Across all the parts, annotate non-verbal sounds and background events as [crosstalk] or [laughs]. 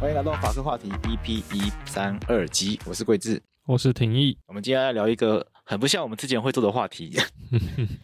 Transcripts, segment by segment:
歡迎來到法客話題 EP132 集，我是貴智，我是廷毅。我們今天來聊一個很不像我們之前會做的話題， [laughs]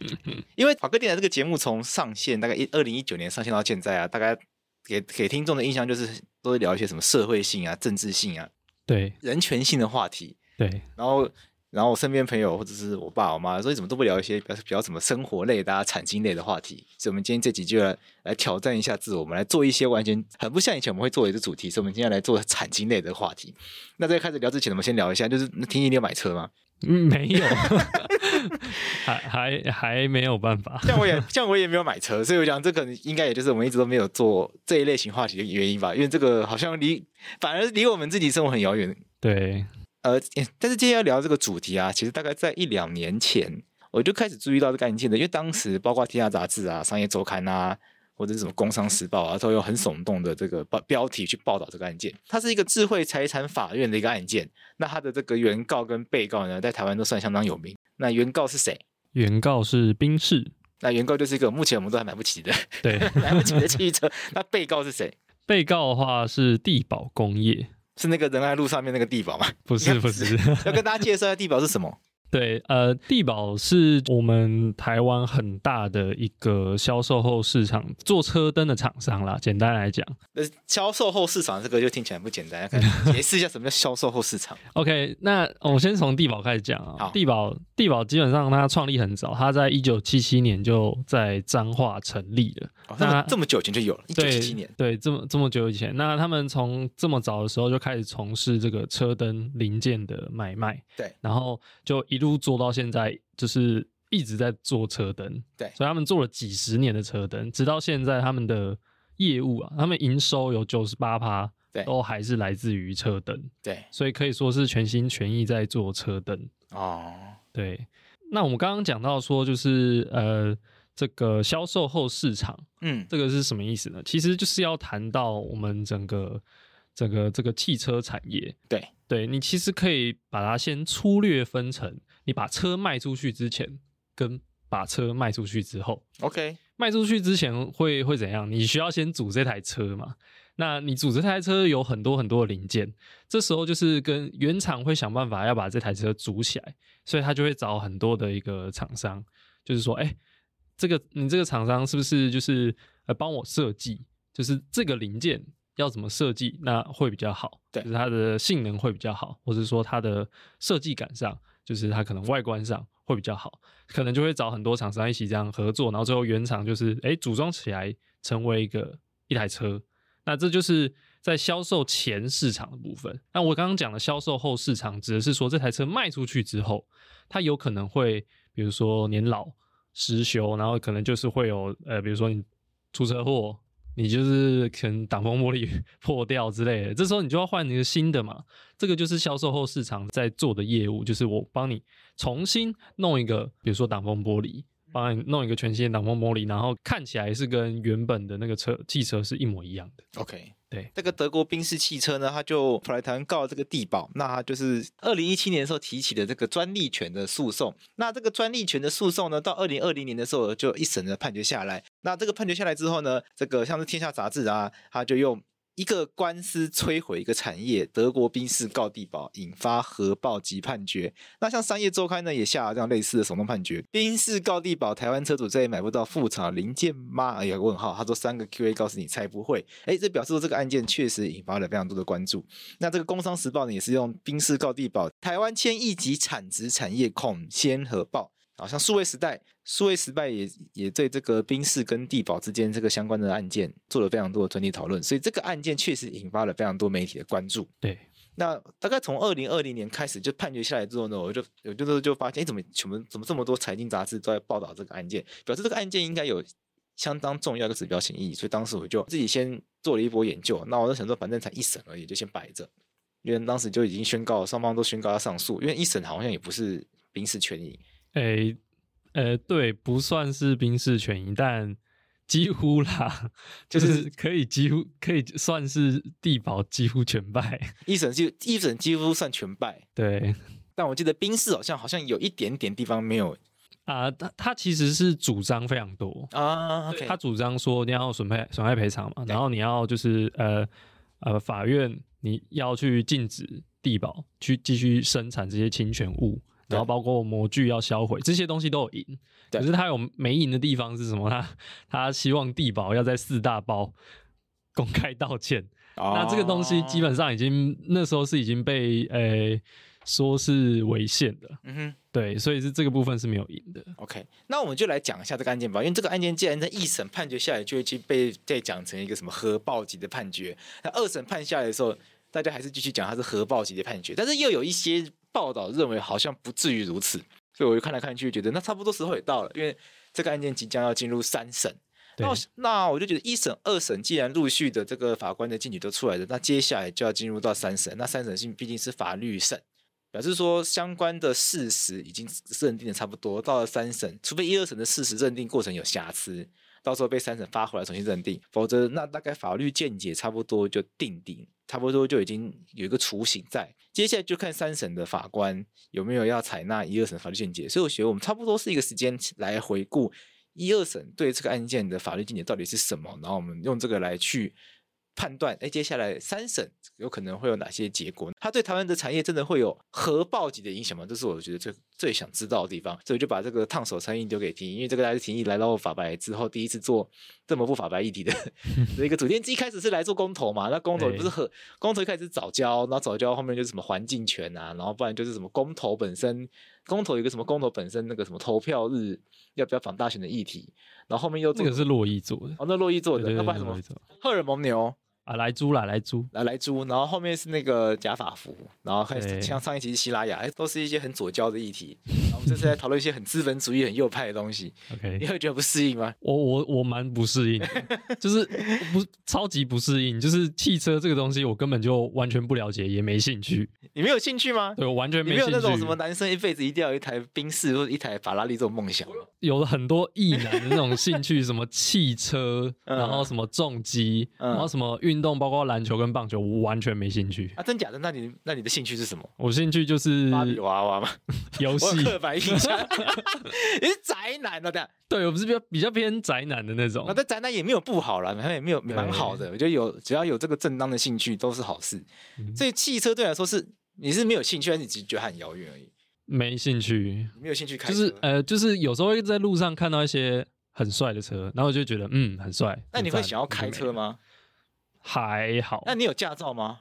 [laughs] 因為法客電台這個節目從上線大概一二零一九年上線到現在啊，大概給給聽眾的印象就是都會聊一些什麼社會性啊、政治性啊、對人權性的話題，對，然後。然後我身邊朋友或者是我爸我媽說，你怎麼都不聊一些比較比較什麼生活類的啊、產經類的話題？所以，我們今天這集就要來來挑戰一下，自我，我們來做一些完全很不像以前我們會做的一個主題。所以，我們今天來做產經類的話題。那在開始聊之前，我們先聊一下，就是婷婷，聽你，你有買車嗎？嗯，沒有， [laughs] 還還還沒有辦法。像我也像我也沒有買車，所以我想這可能應該也就是我們一直都沒有做這一類型話題的原因吧，因為這個好像離反而離我們自己生活很遙遠。對。呃，但是今天要聊這個主題啊，其實大概在一兩年前，我就開始注意到這個案件的，因為當時包括《天下雜誌》啊、《商業周刊》啊，或者是什麼《工商時報》啊，都有很聳動的這個報標題去報道這個案件。它是一個智慧財產法院的一個案件。那它的這個原告跟被告呢，在台灣都算相當有名。那原告是誰？原告是賓士。那原告就是一個目前我們都還買不起的，對，買 [laughs] 不起的汽車。 [laughs] 那被告是誰？被告的話是帝寶工業。是那個仁愛路上面那個帝寶嗎？不是，看不是， [laughs] 要跟大家介紹一下帝寶是什麼。對，呃，帝寶是我們台灣很大的一個銷售後市場做車燈的廠商啦。簡單來講，銷售後市場這個就聽起來不簡單啊！解釋一下什麼叫銷售後市場。 [laughs] OK，那我先從帝寶開始講啊。好，帝寶，帝寶基本上它創立很早，它在一九七七年就在彰化成立了。哦，那麼這麼久以前就有了？一九七七年。對，對，這麼這麼久以前，那他們從這麼早的時候就開始從事這個車燈零件的買賣。對，然後就一。一路做到現在，就是一直在做車燈，對，所以他們做了幾十年的車燈，直到現在，他們的業務啊，他們營收有九十八趴，對，都還是來自於車燈，對，所以可以說是全心全意在做車燈哦。對，對，那我們剛剛講到說，就是呃，這個銷售後市場，嗯，這個是什麼意思呢？其實就是要談到我們整個這個這個汽車產業，對，對你其實可以把它先粗略分成。你把車賣出去之前，跟把車賣出去之後，OK，賣出去之前會會怎樣？你需要先組這台車嘛？那你組這台車有很多很多的零件，這時候就是跟原廠會想辦法要把這台車組起來，所以他就會找很多的一個廠商，就是說，哎，這個你這個廠商是不是就是來幫我設計，就是這個零件要怎麼設計，那會比較好，就是它的性能會比較好，或是說它的設計感上。就是它可能外觀上會比較好，可能就會找很多廠商一起這樣合作，然後最後原廠就是哎、欸、組裝起來成為一個一台車。那這就是在銷售前市場的部分。那我剛剛講的銷售後市場指的是說，這台車賣出去之後，它有可能會比如說年老失修，然後可能就是會有呃比如說你出車禍。你就是可能擋風玻璃破掉之類的，這時候你就要換一個新的嘛。這個就是銷售後市場在做的業務，就是我幫你重新弄一個，比如說擋風玻璃。幫你弄一個全新的擋風玻璃，然後看起來是跟原本的那個車汽車是一模一樣的。OK，對，這個德國賓士汽車呢，它就跑來台灣告這個帝寶，那就是二零一七年的時候提起的這個專利權的訴訟。那這個專利權的訴訟呢，到二零二零年的時候就一審的判決下來。那這個判決下來之後呢，這個像是天下雜誌啊，他就用。一個官司摧毀一個產業，德國賓士告帝寶，引發核爆級判決。那像《商業週刊》呢，也下了這樣類似的聳動判決，賓士告帝寶，台灣車主再也買不到副廠零件嗎？哎呀，問號，他說三個 QA 告訴你，猜不會。哎，這表示說這個案件確實引發了非常多的關注。那這個《工商時報》呢，也是用賓士告帝寶，台灣千億級產值產業恐掀核爆。好像數位時代，數位時代也也對這個賓士跟帝寶之間這個相關的案件做了非常多的專題討論，所以這個案件確實引發了非常多媒體的關注。對，那大概從二零二零年開始就判決下來之後呢，我就我就是就，就發現，哎、欸，怎麼怎麼怎麼這麼多財經雜誌都在報道這個案件，表示這個案件應該有相當重要一個指標性意義，所以當時我就自己先做了一波研究。那我就想說，反正才一審而已，就先擺着，因為當時就已經宣告雙方都宣告要上訴，因為一審好像也不是賓士權益。誒、欸，呃，對，不算是賓士全贏，但幾乎啦，就是、就是可以幾乎可以算是帝寶幾乎全敗，一審就一審幾乎算全敗。對，但我記得賓士好像好像有一點點地方沒有啊，他他、呃、其實是主張非常多啊，他、okay、主張說你要損害損害賠償嘛，然後你要就是呃呃，法院你要去禁止帝寶去繼續生產這些侵權物。然後包括模具要銷毀，這些東西都有贏，對可是他有沒贏的地方是什麼？他他希望帝寶要在四大報公開道歉，哦、那這個東西基本上已經那時候是已經被誒、呃、說是違憲的，嗯哼，對，所以是這個部分是沒有贏的。OK，那我們就來講一下這個案件吧，因為這個案件既然在一審判決下來，就會去被再講成一個什麼核爆級的判決，那二審判下來的時候。大家還是繼續講，它是核爆級的判決，但是又有一些報道認為好像不至於如此，所以我就看來看去，覺得那差不多時候也到了，因為這個案件即將要進入三審。那對那我就覺得一審、二審既然陸續的這個法官的見解都出來了，那接下來就要進入到三審。那三審畢竟是法律審，表示說相關的事實已經認定的差不多，到了三審，除非一二審的事實認定過程有瑕疵，到時候被三審發回來重新認定，否則那大概法律見解差不多就定定。差不多就已經有一個雛形在，接下來就看三審的法官有沒有要採納一二審法律見解。所以我覺得我們差不多是一個時間來回顧一二審對這個案件的法律見解到底是什麼，然後我們用這個來去判斷，哎，接下來三審有可能會有哪些結果？它對台灣的產業真的會有核爆級的影響嗎？這是我覺得這個。最想知道的地方，所以就把這個燙手山芋丟給婷，因為這個來自婷宜來到我法白之後第一次做這麼不法白議題的。這 [laughs] 個主電機一開始是來做公投嘛，那公投不是很、欸、公投一開始是藻礁，那藻礁後面就是什麼環境權啊，然後不然就是什麼公投本身，公投有個什麼公投本身那個什麼投票日要不要綁大選的議題，然後後面又這個是洛伊做的，哦，那洛伊做的，對對對對，那不然什麼荷爾蒙牛？啊，萊豬啦，萊豬，萊豬、啊、萊豬然後後面是那個假法福，然後像上一集是西拉雅，對都是一些很左膠的議題。然後我們這次在討論一些很資本主義、很右派的東西。OK，你會覺得不適應嗎？我我我蠻不適應的， [laughs] 就是不超級不適應，就是汽車這個東西我根本就完全不了解，也沒興趣。你沒有興趣嗎？對，我完全沒興趣。沒有那種什麼男生一輩子一定要有一台賓士或一台法拉利這種夢想。有了很多異男的那種興趣， [laughs] 什麼汽車，然後什麼重機，嗯、然後什麼運。運動包括籃球跟棒球，我完全沒興趣啊！真假的？那你那你的興趣是什麼？我興趣就是芭比娃娃嘛，遊戲戲。刻板印象。 [laughs] [laughs] 你是宅男啊？對，我不是比較比較偏宅男的那種。那、啊、宅男也沒有不好啦，他也沒有蠻對好的。我覺得有只要有這個正當的興趣都是好事。嗯、所以汽車對來說是你是沒有興趣，還是你只覺得很遙遠而已。沒興趣，嗯、沒有興趣開車，就是呃，就是有時候會在路上看到一些很帥的車，然後我就覺得嗯很帥。那你會想要開車嗎？還好，那你有駕照嗎？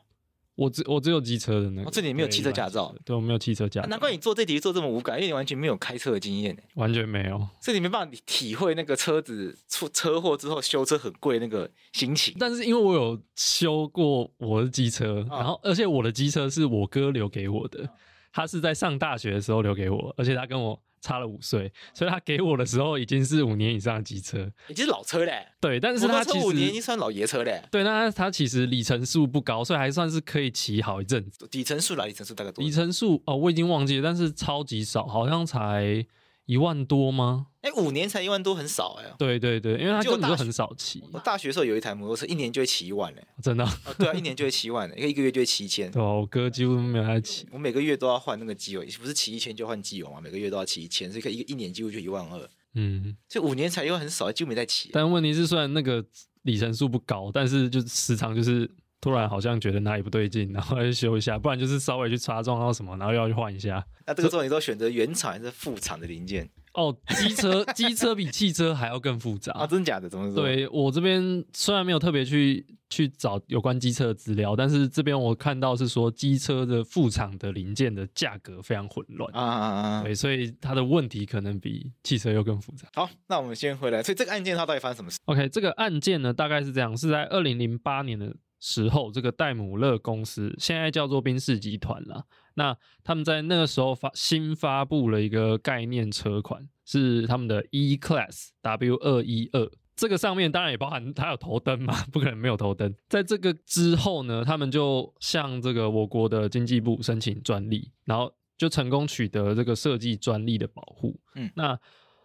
我只我只有機車的呢、那個。哦，我這裡沒有汽車駕照，對，對我沒有汽車駕照。難怪你做這題做這麼無感，因為你完全沒有開車的經驗，完全沒有。所以你沒辦法體會那個車子出車禍之後修車很貴那個心情。但是因為我有修過我的機車，嗯、然後而且我的機車是我哥留給我的，嗯、他是在上大學的時候留給我，而且他跟我。差了五歲，所以他給我的時候已經是五年以上的機車，已經是老車嘞。對，但是他其實五年已經算老爺車嘞。對，那他，他其實里程數不高，所以還算是可以騎好一陣子。里程數啦，里程數大概多少？里程數哦，我已經忘記了，但是超級少，好像才。一萬多嗎？哎、欸，五年才一萬多，很少哎、欸。對對對，因為他根本就很少騎。我大學時候有一台摩托車，一年就會騎一萬嘞、欸。真的、 [laughs] 哦？對啊，一年就會騎一萬、欸，因為一個月就會騎一千。對、啊，我哥幾乎沒有在騎，我每個月都要換那個機油，不是騎一千就換機油嘛？每個月都要騎一千，是一個一年幾乎就一萬二。嗯，這五年才一萬，很少，幾乎沒在騎、欸。但問題是，雖然那個里程數不高，但是就時長就是。突然好像覺得哪裡不對勁，然後要去修一下，不然就是稍微去擦撞到什麼，然後又要去換一下。那這個時候你都選擇原廠還是副廠的零件？哦，機車機 [laughs] 車比汽車還要更複雜啊、哦？真假的？怎麼說？對我這邊雖然沒有特別去去找有關機車的資料，但是這邊我看到是說機車的副廠的零件的價格非常混亂啊，啊啊啊！對，所以它的問題可能比汽車又更複雜。好，那我們先回來，所以這個案件它到底發生什麼事？OK，這個案件呢，大概是這樣，是在二零零八年的。時候，這個戴姆勒公司現在叫做賓士集團了。那他們在那個時候發新發布了一個概念車款，是他們的 E-Class W212。這個上面當然也包含它有頭燈嘛，不可能沒有頭燈。在這個之後呢，他們就向這個我國的經濟部申請專利，然後就成功取得這個設計專利的保護。嗯，那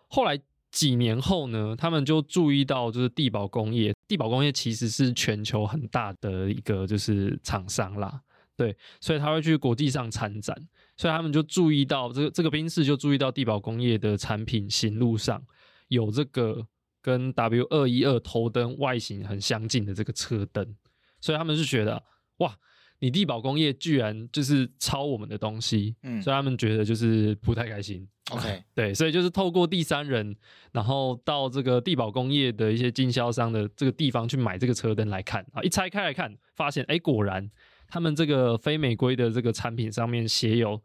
後來。幾年後呢，他們就注意到，就是帝寶工業，帝寶工業其實是全球很大的一個就是廠商啦，對，所以他會去國際上參展，所以他們就注意到這個這個賓士就注意到帝寶工業的產品型錄上有這個跟 W 二一二頭燈外形很相近的這個車燈，所以他們是覺得哇。你帝寶工業居然就是抄我們的東西，嗯，所以他們覺得就是不太開心。OK，對，所以就是透過第三人，然後到這個帝寶工業的一些經銷商的這個地方去買這個車燈來看啊，一拆開來看，發現哎、欸，果然他們這個非美規的這個產品上面寫有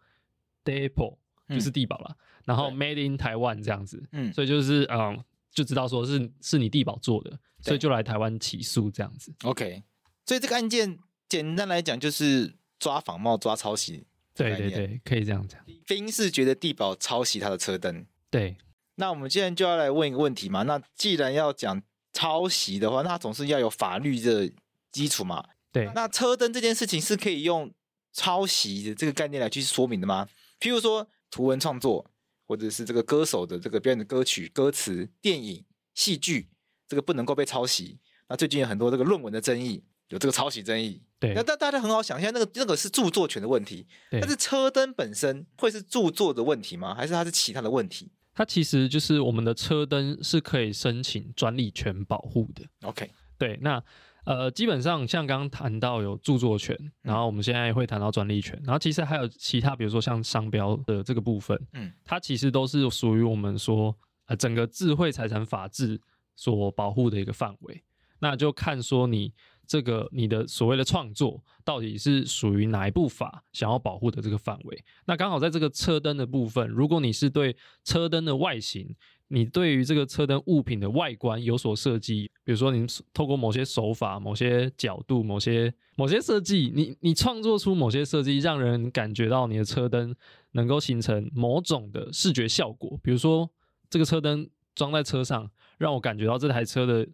DEPO 就是帝寶啦，嗯、然後 Made in Taiwan 這樣子，嗯，所以就是嗯、呃，就知道說是是你帝寶做的，對所以就來台灣起訴這樣子。OK，所以這個案件。簡單來講，就是抓仿冒，抓抄襲。對對對，可以這樣講。賓士覺得帝寶抄襲他的車燈。對，那我們現在就要來問一個問題嘛。那既然要講抄襲的話，那總是要有法律的基礎嘛。對那，那車燈這件事情是可以用抄襲的這個概念來去說明的嗎？譬如說圖文創作，或者是這個歌手的這個表演的歌曲、歌詞、電影、戲劇，這個不能夠被抄襲。那最近有很多這個論文的爭議，有這個抄襲爭議。對，那大大家很好想一下，那個那個是著作權的問題，對，但是車燈本身會是著作的問題嗎？還是它是其他的問題？它其實就是我們的車燈是可以申請專利權保護的。OK，對，那呃，基本上像剛剛談到有著作權，嗯，然後我們現在會談到專利權，然後其實還有其他，比如說像商標的這個部分，嗯，它其實都是屬於我們說呃整個智慧財產法制所保護的一個範圍。那就看說你。這個你的所謂的創作到底是屬於哪一部法想要保護的這個範圍？那剛好在這個車燈的部分，如果你是對車燈的外形，你對於這個車燈物品的外觀有所設計，比如說你透過某些手法、某些角度、某些某些設計，你你創作出某些設計，讓人感覺到你的車燈能夠形成某種的視覺效果，比如說這個車燈裝在車上，讓我感覺到這台車的。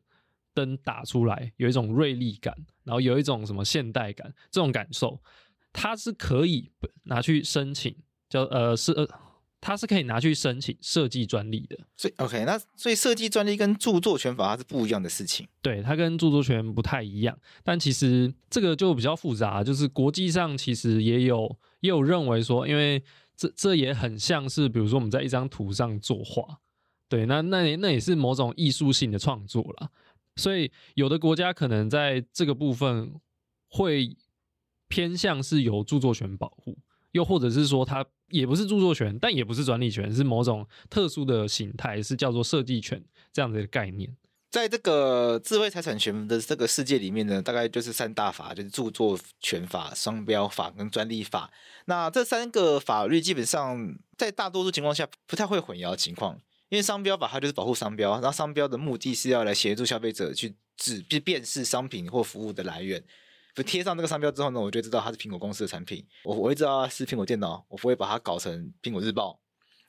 燈打出來有一種銳利感，然後有一種什麼現代感，這種感受它是可以拿去申請，就呃是呃，它是可以拿去申請設計專利的。所以 OK，那所以設計專利跟著作權法它是不一樣的事情，對，它跟著作權不太一樣，但其實這個就比較複雜，就是國際上其實也有也有認為說，因為這這也很像是，比如說我們在一張圖上作畫，對，那那那也是某種藝術性的創作啦。所以，有的國家可能在這個部分會偏向是由著作權保護，又或者是說它也不是著作權，但也不是專利權，是某種特殊的形態，是叫做設計權這樣的概念。在這個智慧財產權的這個世界裡面呢，大概就是三大法，就是著作權法、商標法跟專利法。那這三個法律基本上在大多數情況下不太會混淆的情況。因為商標把它就是保護商標，然後商標的目的是要來協助消費者去辨識商品或服務的來源。不貼上那個商標之後呢，我就知道它是蘋果公司的產品。我，我會知道它是蘋果電腦，我不會把它搞成蘋果日報，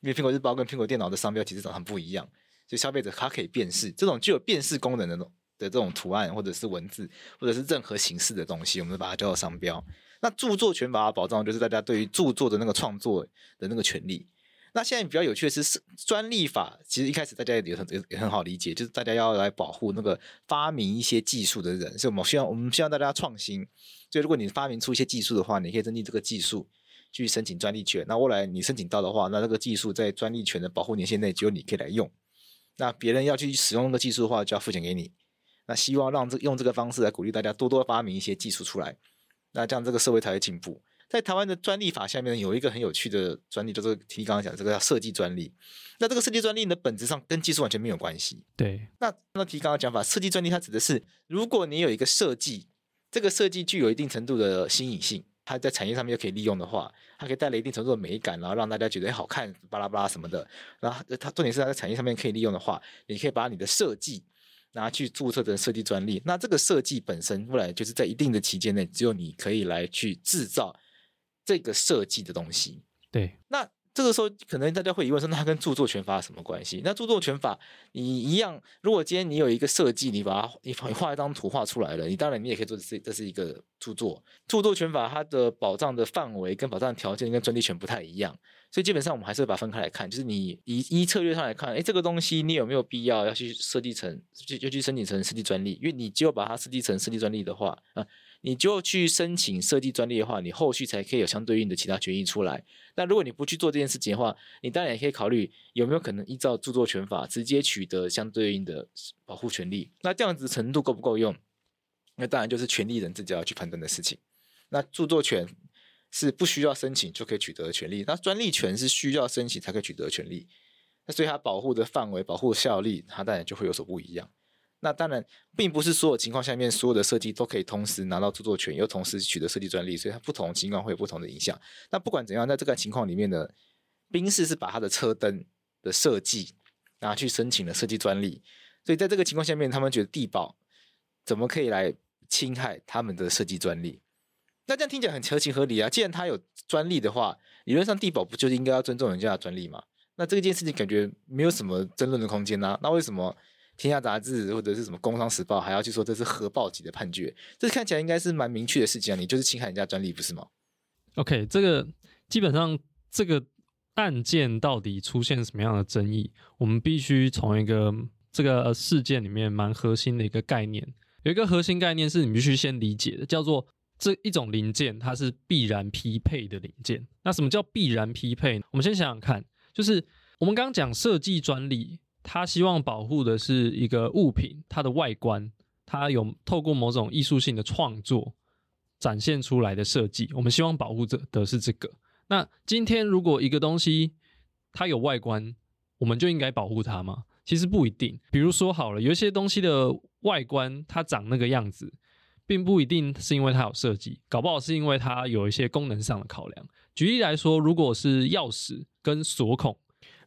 因為蘋果日報跟蘋果電腦的商標其實長得很不一樣。所以消費者它可以辨識，這種具有辨識功能的的這種圖案或者是文字或者是任何形式的東西，我們把它叫做商標。那著作權把它保障，就是大家對於著作的那個創作的那個權利。那現在比較有趣的是，專利法其實一開始大家也很也很好理解，就是大家要來保護那個發明一些技術的人，所以我們希望我們希望大家創新。所以如果你發明出一些技術的話，你可以登記這個技術，去申請專利權。那未來你申請到的話，那這個技術在專利權的保護年限內只有你可以來用。那別人要去使用這個技術的話，就要付錢給你。那希望讓這用這個方式來鼓勵大家多多發明一些技術出來，那這樣這個社會才會進步。在台灣的專利法下面有一個很有趣的專利，就是提剛剛講這個叫設計專利。那這個設計專利的本質上跟技術完全沒有關係。對，那那提剛剛講法，設計專利它指的是，如果你有一個設計，這個設計具有一定程度的新穎性，它在產業上面又可以利用的話，它可以帶來一定程度的美感，然後讓大家覺得、欸、好看，巴拉巴拉什麼的。然後它重點是它在產業上面可以利用的話，你可以把你的設計，拿去註冊成設計專利。那這個設計本身，未來就是在一定的期間內，只有你可以來去制造。這個設計的東西，對。那這個時候，可能大家會疑問說，那它跟著作權法有什麼關係？那著作權法，你一樣，如果今天你有一個設計，你把它，你畫一張圖畫出來了，你當然你也可以做這，這是一個著作。著作權法它的保障的範圍跟保障條件跟專利權不太一樣，所以基本上我們還是把它分開來看。就是你以以策略上來看，哎，這個東西你有沒有必要要去設計成，就就去申請成設計專利？因為你只有把它設計成設計專利的話，啊。你就去申請設計專利的話，你後續才可以有相對應的其他權益出來。那如果你不去做這件事情的話，你當然也可以考慮有沒有可能依照著作權法直接取得相對應的保護權利。那這樣子程度夠不夠用？那當然就是權利人自己要去判斷的事情。那著作權是不需要申請就可以取得權利，那專利權是需要申請才可以取得權利。那所以它保護的範圍、保護的效力，它當然就會有所不一樣。那當然，並不是所有情況下面所有的設計都可以同時拿到著作權，又同時取得設計專利，所以它不同情況會有不同的影響。那不管怎樣，在這個情況裡面呢，賓士是把他的車燈的設計拿去申請了設計專利，所以在這個情況下面，他們覺得帝寶怎麼可以來侵害他們的設計專利？那這樣聽起來很合情合理啊！既然他有專利的話，理論上帝寶不就應該要尊重人家的專利嗎？那這件事情感覺沒有什麼爭論的空間啊？那為什麼？天下雜誌或者是什麼工商時報，還要去說這是核爆級的判決，這看起來應該是蠻明確的事情啊，你就是侵害人家專利，不是嗎？OK，這個基本上這個案件到底出現什麼樣的爭議，我們必須從一個這個事件裡面蠻核心的一個概念，有一個核心概念是，你必須先理解的，叫做這一種零件，它是必然匹配的零件。那什麼叫必然匹配呢？我們先想想看，就是我們剛講設計專利。他希望保護的是一個物品，它的外觀，它有透過某種藝術性的創作展現出來的設計。我們希望保護着的是這個。那今天如果一個東西它有外觀，我們就應該保護它嗎？其實不一定。比如說好了，有一些東西的外觀它長那個樣子，並不一定是因為它有設計，搞不好是因為它有一些功能上的考量。舉例來說，如果是鑰匙跟鎖孔。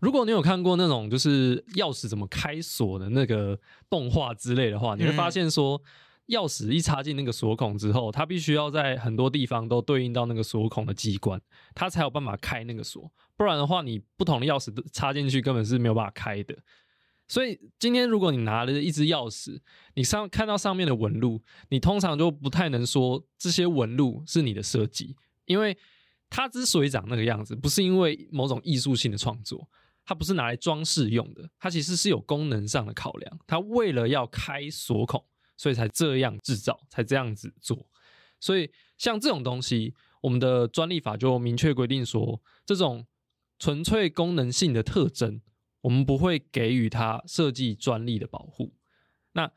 如果你有看過那種就是鑰匙怎麼開鎖的那個動畫之類的話，你會發現說，鑰匙一插進那個鎖孔之後，它必須要在很多地方都對應到那個鎖孔的機關，它才有辦法開那個鎖。不然的話，你不同的鑰匙插進去根本是沒有辦法開的。所以今天如果你拿了一支鑰匙，你上看到上面的紋路，你通常就不太能說這些紋路是你的設計，因為它之所以長那個樣子，不是因為某種藝術性的創作。它不是拿來裝飾用的，它其實是有功能上的考量。它為了要開鎖孔，所以才這樣製造，才這樣子做。所以像這種東西，我們的專利法就明確規定說，這種純粹功能性的特徵，我們不會給予它設計專利的保護。那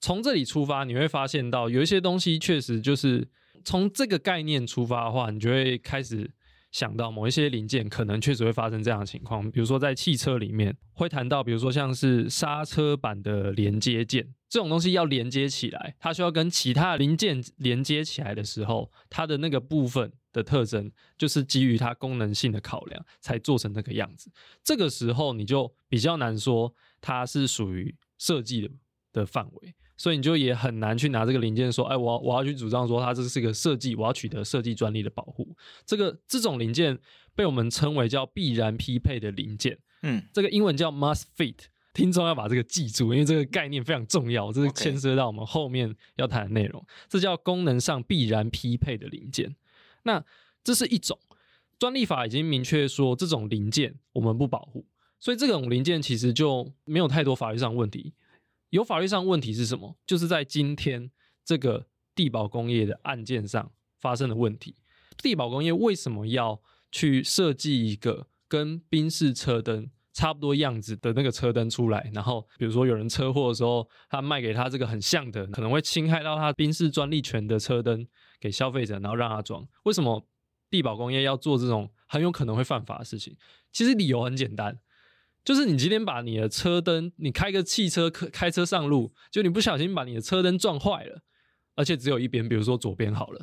從這裡出發，你會發現到有一些東西確實就是從這個概念出發的話，你就會開始。想到某一些零件，可能確實會發生這樣的情況，比如說在汽車裡面會談到，比如說像是剎車板的連接件這種東西，要連接起來，它需要跟其他零件連接起來的時候，它的那個部分的特徵，就是基於它功能性的考量才做成那個樣子。這個時候你就比較難說它是屬於設計的的範圍。所以你就也很難去拿這個零件說，哎、欸，我要我要去主張說它這是一個設計，我要取得設計專利的保護。這個這種零件被我們稱為叫必然匹配的零件，嗯，這個英文叫 must fit，聽眾要把這個記住，因為這個概念非常重要，這是牽涉到我們後面要談的內容。Okay 這叫功能上必然匹配的零件。那這是一種專利法已經明確說這種零件我們不保護，所以這種零件其實就沒有太多法律上問題。有法律上問題是什麼？就是在今天這個帝寶工業的案件上發生的問題。帝寶工業為什麼要去設計一個跟賓士車燈差不多樣子的那個車燈出來？然後，比如說有人車禍的時候，他賣給他這個很像的，可能會侵害到他賓士專利權的車燈給消費者，然後讓他裝。為什麼帝寶工業要做這種很有可能會犯法的事情？其實理由很簡單。就是你今天把你的車燈，你開個汽車開開車上路，就你不小心把你的車燈撞壞了，而且只有一邊，比如說左邊好了，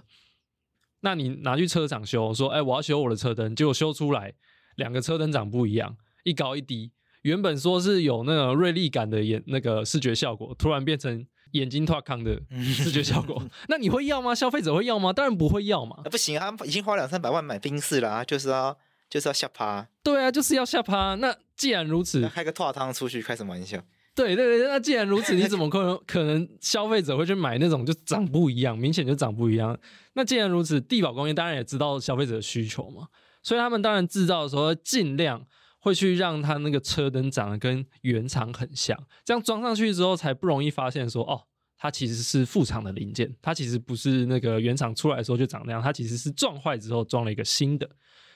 那你拿去車廠修，說哎、欸、我要修我的車燈，結果修出來兩個車燈長不一樣，一高一低，原本說是有那個銳利感的眼那個視覺效果，突然變成眼睛拖康的視覺效果， [laughs] 那你會要嗎？消費者會要嗎？當然不會要嘛，不行，啊，已經花兩三百萬買賓士啦、啊，就是要就是要下趴，對啊，就是要下趴，那。既然如此，開個拖湯出去開什麼玩笑？對對對，那既然如此，你怎麼可能可能消費者會去買那種就長不一樣，明顯就長不一樣？那既然如此，帝寶工業當然也知道消費者的需求嘛，所以他們當然製造的時候盡量會去讓它那個車燈長得跟原廠很像，這樣裝上去之後才不容易發現說哦，它其實是副廠的零件，它其實不是那個原廠出來的時候就長那樣，它其實是撞壞之後裝了一個新的。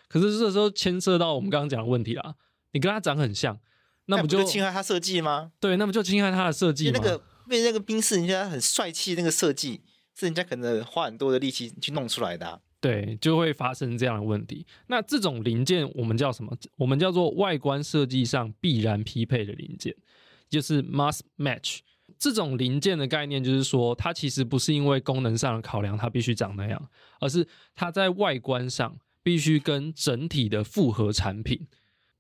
可是這時候牽涉到我們剛剛講的問題啦。你跟他長很像，那不就,你不就侵害他設計嗎？對，那麼就侵害他的設計嗎。因為那個被那個冰室人家很帥氣，那個設計是人家可能花很多的力氣去弄出來的、啊。對，就會發生這樣的問題。那這種零件我們叫什麼？我們叫做外觀設計上必然匹配的零件，就是 must match 這種零件的概念，就是說它其實不是因為功能上的考量，它必須長那樣，而是它在外觀上必須跟整體的複合產品。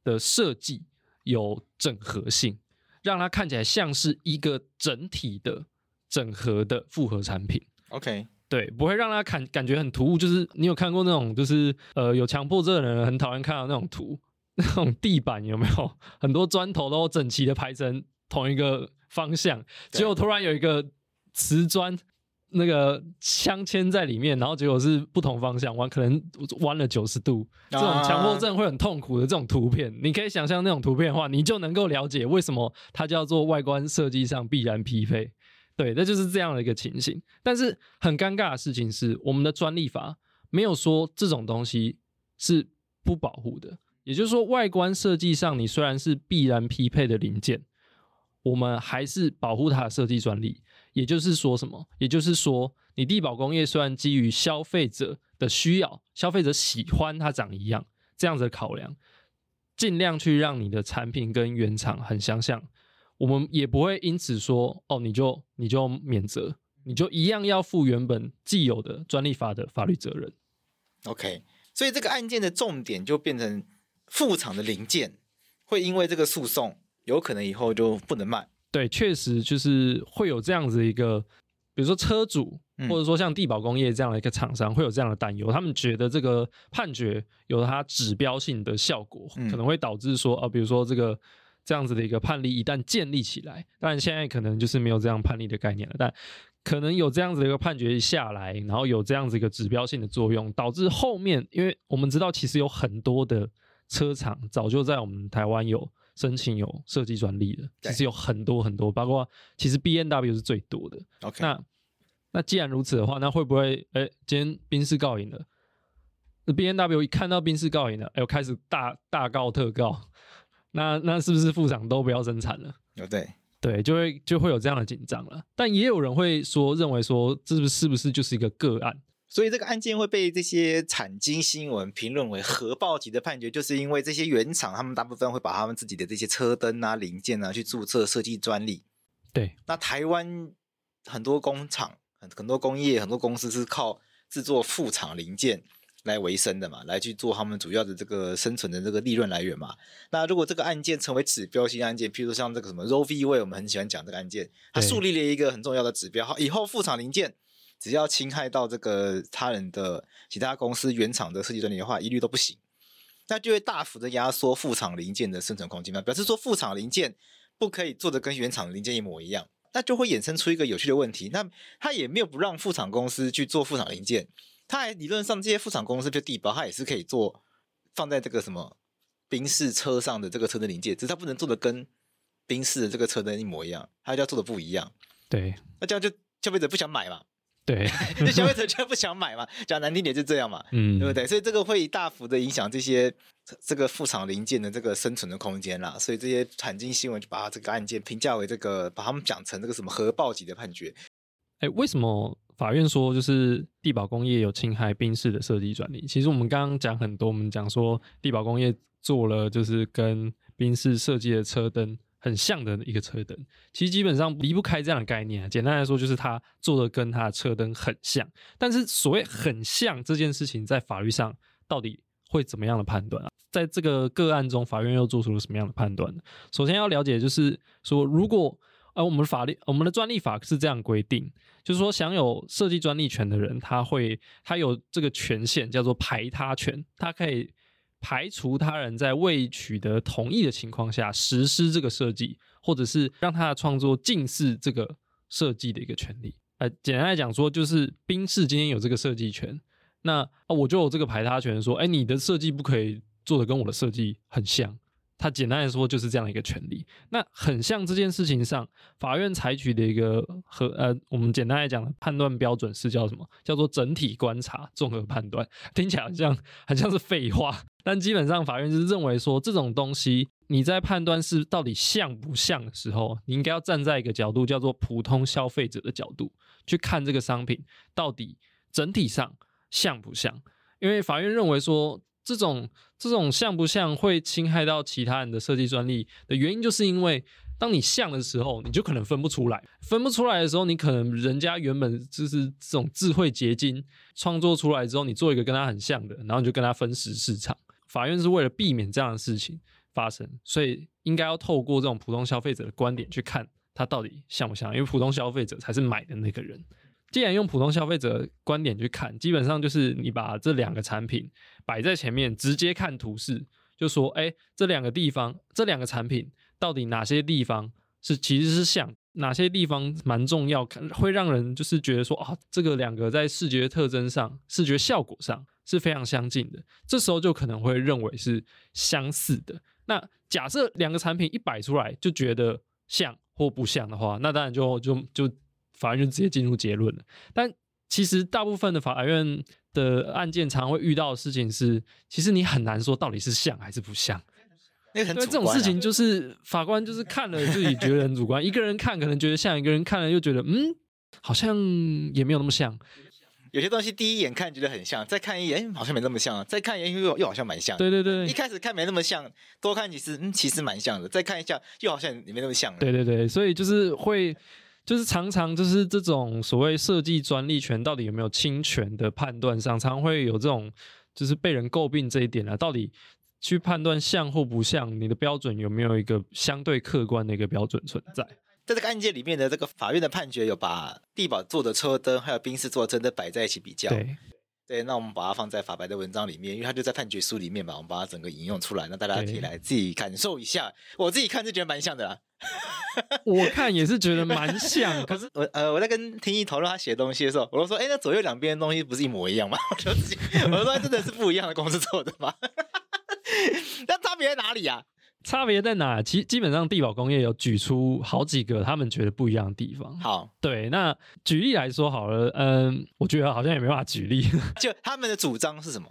的設計有整合性，讓它看起來像是一個整體的整合的複合產品。OK，對，不會讓它看感覺很突兀。就是你有看過那種，就是呃，有強迫症的人很討厭看到那種圖，那種地板有沒有很多磚頭都整齊的排成同一個方向，對結果突然有一個瓷磚。那個鑲嵌在裡面，然後結果是不同方向彎，可能彎了九十度。這種強迫症會很痛苦的。這種圖片，你可以想象那種圖片的話，你就能夠了解為什麼它叫做外觀設計上必然匹配。對，那就是這樣的一個情形。但是很尷尬的事情是，我們的專利法沒有說這種東西是不保護的。也就是說，外觀設計上你雖然是必然匹配的零件，我們還是保護它的設計專利。也就是說什麼？也就是說，你帝寶工業雖然基於消費者的需要，消費者喜歡它長一樣這樣子的考量，盡量去讓你的產品跟原廠很相像。我們也不會因此說，哦，你就你就免責，你就一樣要負原本既有的專利法的法律責任。OK，所以這個案件的重點就變成副廠的零件會因為這個訴訟，有可能以後就不能賣。對，確實就是會有這樣子一個，比如說車主，或者說像帝寶工業這樣的一個廠商，嗯、會有這樣的擔憂。他們覺得這個判決有它指標性的效果，可能會導致說啊、呃，比如說這個這樣子的一個判例一旦建立起來，但現在可能就是沒有這樣判例的概念了，但可能有這樣子的一個判決下來，然後有這樣子一個指標性的作用，導致後面，因為我們知道其實有很多的車廠早就在我們台灣有。申請有設計專利的，Okay. 其實有很多很多，包括其實 B N W 是最多的。O Okay . K，那那既然如此的話，那會不會誒、欸，今天賓士告贏了，那 B N W 一看到賓士告贏了，哎、欸、呦，開始大大告特告，那那是不是副廠都不要生產了？有對，對，就會就會有這樣的緊張了。但也有人會說，認為說這是不是就是一個個案？所以這個案件會被這些產經新聞評論為核爆級的判決，就是因為這些原廠他們大部分會把他們自己的這些車燈啊零件啊去注冊設計專利。對，那台灣很多工廠、很很多工業、很多公司是靠制作副廠零件來維生的嘛，來去做他們主要的這個生存的這個利潤來源嘛。那如果這個案件成為指標性案件，譬如說像這個什麼 Roe v. Wade，我們很喜歡講這個案件，它樹立了一個很重要的指標，對以後副廠零件。只要侵害到這個他人的其他公司原廠的設計專利的話，一律都不行，那就會大幅的壓縮副廠零件的生存空間嘛。表示說副廠零件不可以做的跟原廠零件一模一樣，那就會衍生出一個有趣的問題。那他也沒有不讓副廠公司去做副廠零件，他還理論上這些副廠公司就帝寶，他也是可以做放在這個什麼賓士車上的這個車燈零件，只是他不能做的跟賓士的這個車燈一模一樣，他就要做的不一樣。對，那這樣就消費者不想買嘛。對，這消費者就不想買嘛，講難聽點就這樣嘛，嗯，對不對？所以這個會大幅的影響這些這個副廠零件的這個生存的空間啦，所以這些產經新聞就把他這個案件評價為這個，把他們講成這個什麼核爆級的判決。哎，為什麼法院說就是帝寶工業有侵害賓士的設計專利？其實我們剛剛講很多，我們講說帝寶工業做了就是跟賓士設計的車燈。很像的一個車燈，其實基本上離不開這樣的概念啊，簡單來說，就是他做的跟他的車燈很像，但是所謂很像這件事情，在法律上到底會怎麼樣的判斷啊？在這個個案中，法院又做出了什麼樣的判斷呢？首先要了解，就是說，如果呃，我們法律我們的專利法是這樣規定，就是說，享有設計專利權的人，他會他有這個權限，叫做排他權，他可以。排除他人在未取得同意的情況下實施這個設計，或者是讓他的創作近似這個設計的一個權利。呃，簡單來講說，就是賓士今天有這個設計權，那、啊、我就有這個排他權，說，哎，你的設計不可以做的跟我的設計很像。他簡單來說就是這樣一個權利。那很像這件事情上，法院採取的一個和呃，我們簡單來講的判斷標準是叫什麼？叫做整體觀察、綜合判斷。聽起來好像很像是廢話。但基本上，法院是認為說，這種東西你在判斷是到底像不像的時候，你應該要站在一個角度，叫做普通消費者的角度去看這個商品到底整體上像不像。因為法院認為說，這種這種像不像會侵害到其他人的設計專利的原因，就是因為當你像的時候，你就可能分不出來；分不出來的時候，你可能人家原本就是這種智慧結晶創作出來之後，你做一個跟它很像的，然後你就跟他分食市場。法院是為了避免這樣的事情發生，所以應該要透過這種普通消費者的觀點去看它到底像不像，因為普通消費者才是買的那個人。既然用普通消費者的觀點去看，基本上就是你把這兩個產品擺在前面，直接看圖示，就說：哎、欸，這兩個地方，這兩個產品到底哪些地方是其實是像，哪些地方蠻重要，看會讓人就是覺得說啊，這個兩個在視覺特徵上、視覺效果上，是非常相近的，這時候就可能會認為是相似的。那假設兩個產品一擺出來就覺得像或不像的話，那當然就就就法院就直接進入結論了。但其實大部分的法院的案件，常會遇到的事情是，其實你很難說到底是像還是不像，因為、啊、這種事情就是法官就是看了自己覺得很主觀， [laughs] 一個人看可能覺得像，一個人看了又覺得嗯，好像也沒有那麼像。有些東西第一眼看覺得很像，再看一眼，欸，好像沒那麼像啊，再看一眼又又好像蠻像。對，對對對，一開始看沒那麼像，多看幾次嗯，其實蠻像的，再看一下又好像也沒那麼像了。對對對，所以就是會，就是常常就是這種所謂設計專利權到底有沒有侵權的判斷上，常常會有這種就是被人詬病這一點啊，到底去判斷像或不像，你的標準有沒有一個相對客觀的一個標準存在？在這個案件裡面的這個法院的判決，有把帝寶做的車燈，還有賓士做的車燈，擺在一起比較。對。對，那我們把它放在法白的文章裡面，因為它就在判決書裡面嘛，我們把它整個引用出來，那大家可以來自己感受一下。我自己看是覺得蠻像的啦。 [laughs] 我看也是覺得蠻像，可是 [laughs] 我呃，我在跟聽義討論他寫東西的時候，我都說，哎、欸，那左右兩邊的東西不是一模一樣嗎？ [laughs] 我就自己我說，真的是不一樣的公司做的嗎？那差別在哪裡呀、啊？差別在哪？其，基本上，帝寶工業有舉出好幾個他們覺得不一樣的地方。好，對，那舉例來說好了，嗯，我覺得好像也沒辦法舉例。就他們的主張是什麼？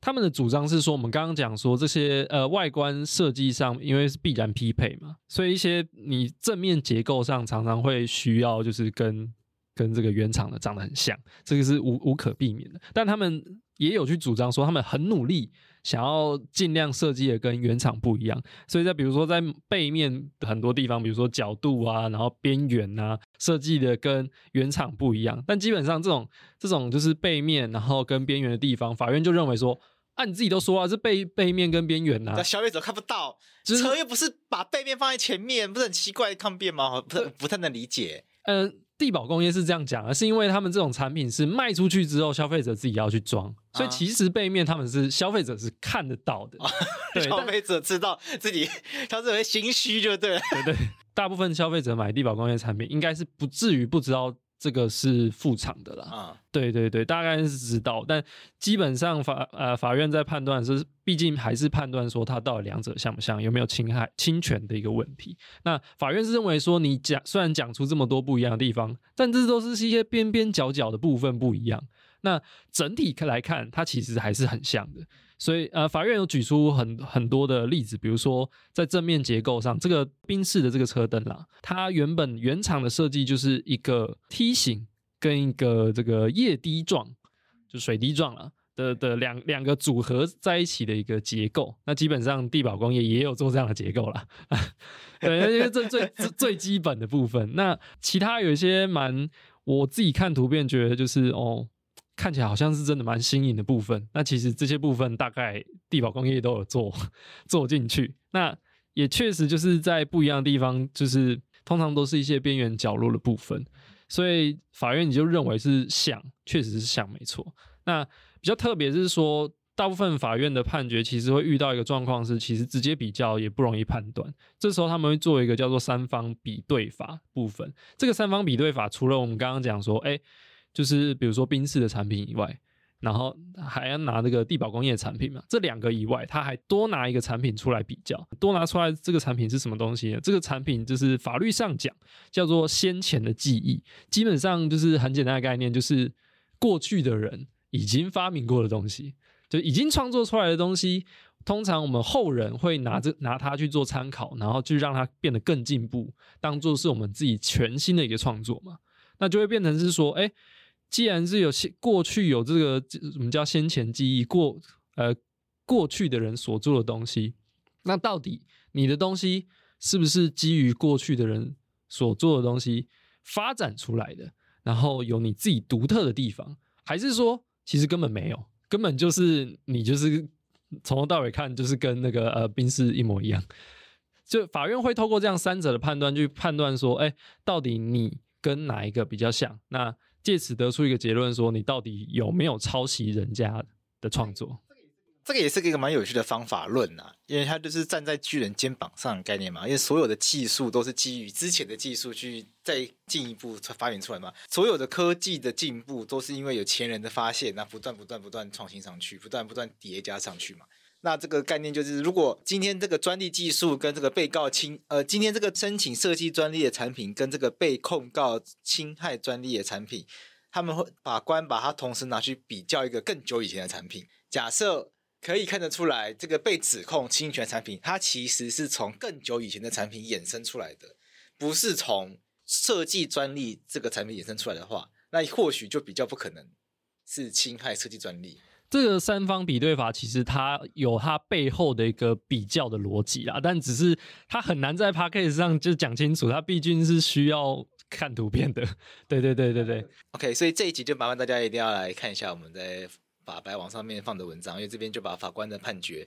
他們的主張是說，我們剛剛講說這些，呃，外觀設計上，因為是必然匹配嘛，所以一些你正面結構上常常常會需要，就是跟跟這個原廠的長得很像，這個是無無可避免的。但他們也有去主張說，他們很努力。想要儘量設計的跟原廠不一樣，所以在比如說在背面很多地方，比如說角度啊，然後邊緣啊，設計的跟原廠不一樣。但基本上這種這種就是背面，然後跟邊緣的地方，法院就認為說，啊，你自己都說啊，這背背面跟邊緣啊，那消費者看不到，就是、車又不是把背面放在前面，不是很奇怪抗辯嗎？不不太能理解，嗯、呃。帝寶工業是這樣講，而是因為他們這種產品是賣出去之後，消費者自己要去裝，所以其實背面他們是消費者是看得到的，啊、對消費者知道自己他是會心虛就對了。對，對對，大部分消費者買帝寶工業的產品，應該是不至於不知道。這個是副廠的啦，啊，對對對，大概是知道，但基本上法呃法院在判斷是，畢竟還是判斷說他到底兩者像不像，有沒有侵害侵權的一個問題。那法院是認為說你講，你講雖然講出這麼多不一樣的地方，但這都是一些邊邊角角的部分不一樣，那整體來看，它其實還是很像的。所以，呃，法院有舉出很很多的例子，比如說在正面結構上，這個賓士的這個車燈啦，它原本原廠的設計就是一個梯形跟一個這個液滴狀，就水滴狀啦的的兩兩個組合在一起的一個結構。那基本上帝寶工業也有做這樣的結構啦， [laughs] 對，這這最 [laughs] 最，最基本的部分。那其他有一些蠻，我自己看圖片覺得就是哦。看起來好像是真的蠻新穎的部分，那其實這些部分大概帝寶工業都有做做進去，那也確實就是在不一樣的地方，就是通常都是一些邊緣角落的部分，所以法院你就認為是像，確實是像沒錯。那比較特別是說，大部分法院的判決其實會遇到一個狀況是，其實直接比較也不容易判斷，這時候他們會做一個叫做三方比對法部分。這個三方比對法，除了我們剛剛講說，哎、欸。就是比如說賓士的產品以外，然後還要拿這個帝寶工業產品嘛，這兩個以外，他還多拿一個產品出來比較，多拿出來這個產品是什麼東西呢？這個產品就是法律上講叫做先前的技藝，基本上就是很簡單的概念，就是過去的人已經發明過的東西，就已經創作出來的東西，通常我們後人會拿着拿它去做參考，然後去讓它變得更進步，當做是我們自己全新的一個創作嘛，那就會變成是說，哎、欸。既然是有先，過去有這個我們叫先前記憶過，呃過去的人所做的東西，那到底你的東西是不是基於過去的人所做的東西發展出來的？然後有你自己獨特的地方，還是說其實根本沒有，根本就是你就是從頭到尾看就是跟那個呃賓士一模一樣？就法院會透過這樣三者的判斷去判斷說，哎、欸，到底你跟哪一個比較像？那。借此得出一個結論，說你到底有沒有抄襲人家的創作？這個也是一個蠻有趣的方法論吶、啊，因為它就是站在巨人肩膀上的概念嘛。因為所有的技術都是基於之前的技術去再進一步發明出來嘛。所有的科技的進步都是因為有前人的發現，那不斷不斷不斷創新上去，不斷不斷疊加上去嘛。那這個概念就是，如果今天這個專利技術跟這個被告侵，呃，今天這個申請設計專利的產品跟這個被控告侵害專利的產品，他們會把關，把它同時拿去比較一個更久以前的產品。假設可以看得出來，這個被指控侵權的產品它其實是從更久以前的產品衍生出來的，不是從設計專利這個產品衍生出來的話，那或許就比較不可能是侵害設計專利。這個三方比對法其實它有它背後的一個比較的邏輯啦,但只是它很難在 podcast 上就講清楚，它畢竟是需要看圖片的。對對對對對，OK，所以這一集就麻煩大家一定要來看一下我們在法白網上面放的文章，因為這邊就把法官的判決